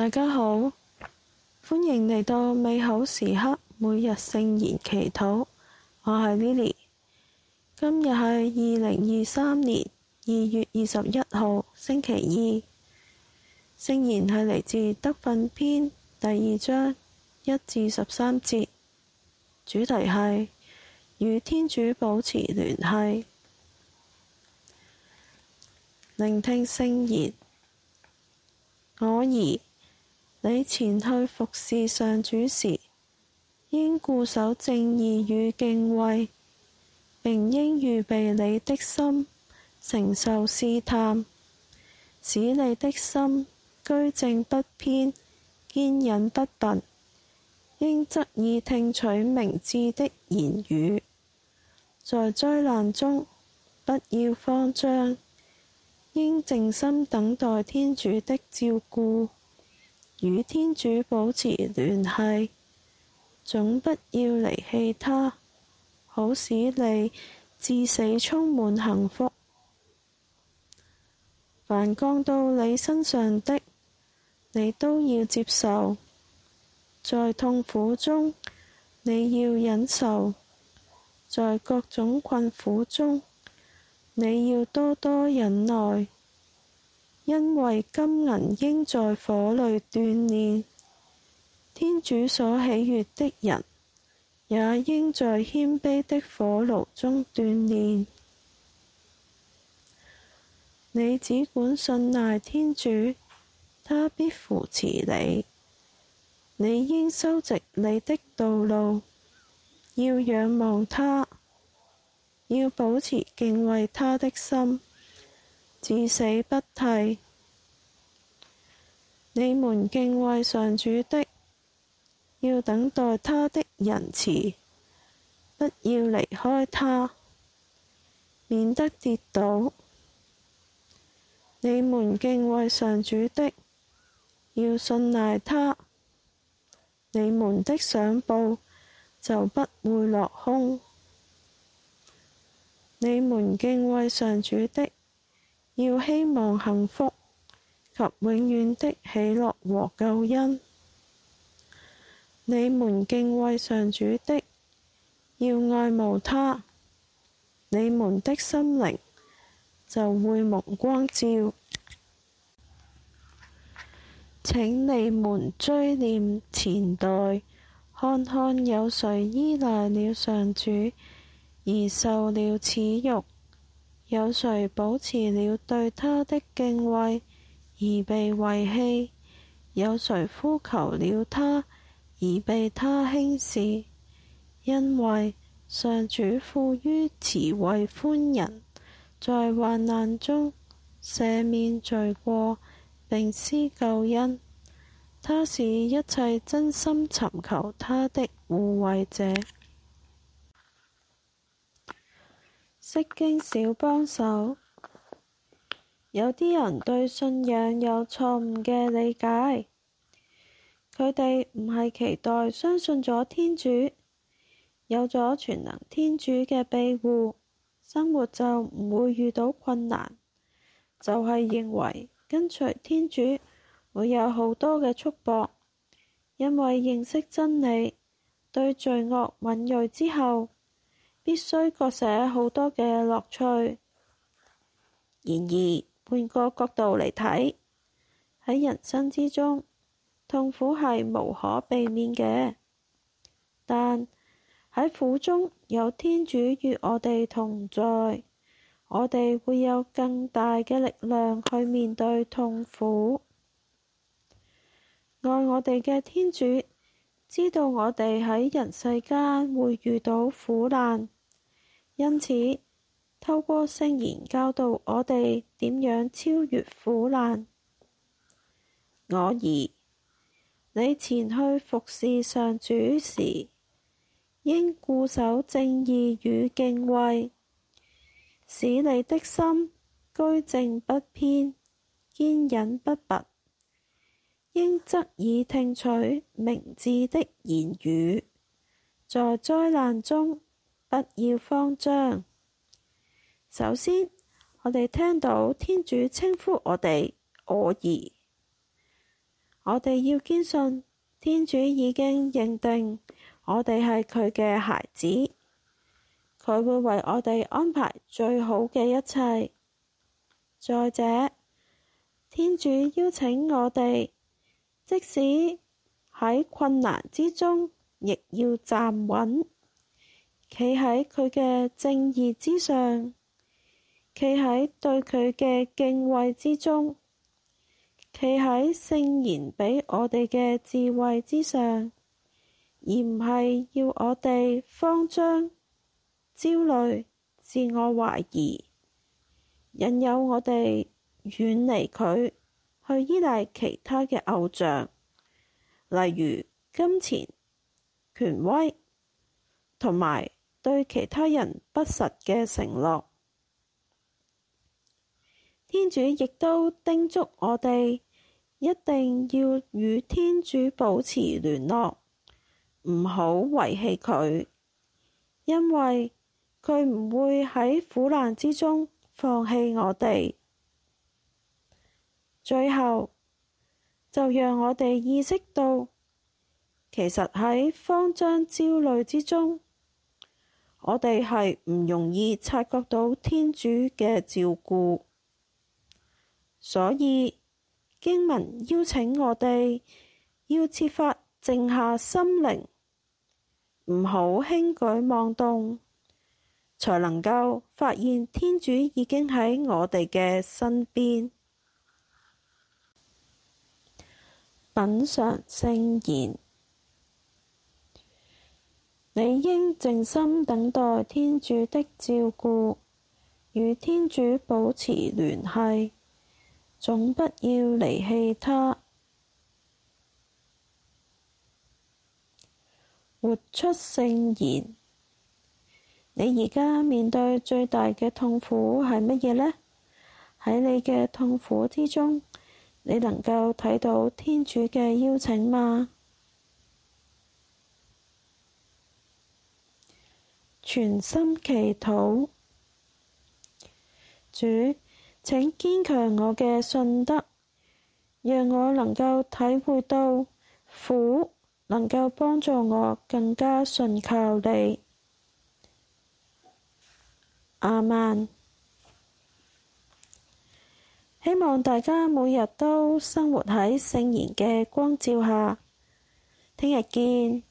大家好，歡迎嚟到美好時刻每日聖言祈禱。我係 Lily，今日係二零二三年二月二十一號星期二。聖言係嚟自德訓篇第二章一至十三節，主題係與天主保持聯繫，聆聽聖言。我兒。你前去服事上主時，應固守正義與敬畏，並應預備你的心承受試探，使你的心居正不偏，堅忍不拔。應側耳聽取明智的言語，在災難中不要慌張，應靜心等待天主的照顧。與天主保持聯繫，總不要離棄他，好使你至死充滿幸福。凡降到你身上的，你都要接受；在痛苦中，你要忍受；在各種困苦中，你要多多忍耐。因為金銀應在火裏鍛煉，天主所喜悅的人，也應在謙卑的火爐中鍛煉。你只管信賴天主，他必扶持你。你應修直你的道路，要仰望他，要保持敬畏他的心。至死不替。你們敬畏上主的，要等待他的仁慈，不要離開他，免得跌倒。你們敬畏上主的，要信賴他，你們的賞報就不會落空。你們敬畏上主的，要希望幸福及永遠的喜樂和救恩，你們敬畏上主的，要愛慕祂，你們的心靈就會蒙光照。請你們追念前代，看看有誰依賴了上主而受了恥辱？有誰保持了對他的敬畏而被遺棄？有誰呼求了他而被他輕視？因為上主富於慈惠寬仁，在患難中赦免罪過並施救恩，他是一切真心尋求他的護衛者。釋經小幫手有啲人對信仰有錯誤嘅理解，佢哋唔係期待相信咗天主有咗全能天主嘅庇護，生活就唔會遇到困難，就係、是、認為跟隨天主會有好多嘅束縛，因為認識真理對罪惡敏銳之後。必須割捨好多嘅樂趣。然而，換個角度嚟睇，喺人生之中，痛苦係無可避免嘅。但喺苦中，有天主與我哋同在，我哋會有更大嘅力量去面對痛苦。愛我哋嘅天主，知道我哋喺人世間會遇到苦難，因此透過聖言教導我哋點樣超越苦難。我兒，你前去服侍上主時，應固守正義與敬畏，使你的心居正不偏，堅忍不拔。應側耳聽取明智的言語，在災難中不要慌張。首先，我哋聽到天主稱呼我哋我兒，我哋要堅信天主已經認定我哋係佢嘅孩子，佢會為我哋安排最好嘅一切。再者，天主邀請我哋。即使喺困難之中，亦要站穩，企喺佢嘅正義之上，企喺對佢嘅敬畏之中，企喺聖言畀我哋嘅智慧之上，而唔係要我哋慌張、焦慮、自我懷疑，引誘我哋遠離佢，去依賴其他嘅偶像，例如金錢、權威同埋對其他人不實嘅承諾。天主亦都叮囑我哋一定要與天主保持聯絡，唔好遺棄佢，因為佢唔會喺苦難之中放棄我哋。最後就讓我哋意識到，其實喺慌張焦慮之中，我哋係唔容易察覺到天主嘅照顧。所以經文邀請我哋要設法靜下心靈，唔好輕舉妄動，才能夠發現天主已經喺我哋嘅身邊。品嚐聖言，你應靜心等待天主的照顧，與天主保持聯繫，總不要離棄他。活出聖言，你而家面對最大嘅痛苦係乜嘢呢？喺你嘅痛苦之中。你能夠睇到天主嘅邀請嗎？全心祈禱，主，請堅強我嘅信德，讓我能夠體會到苦能夠幫助我更加信靠你。阿們。希望大家每日都生活喺聖言嘅光照下。聽日見。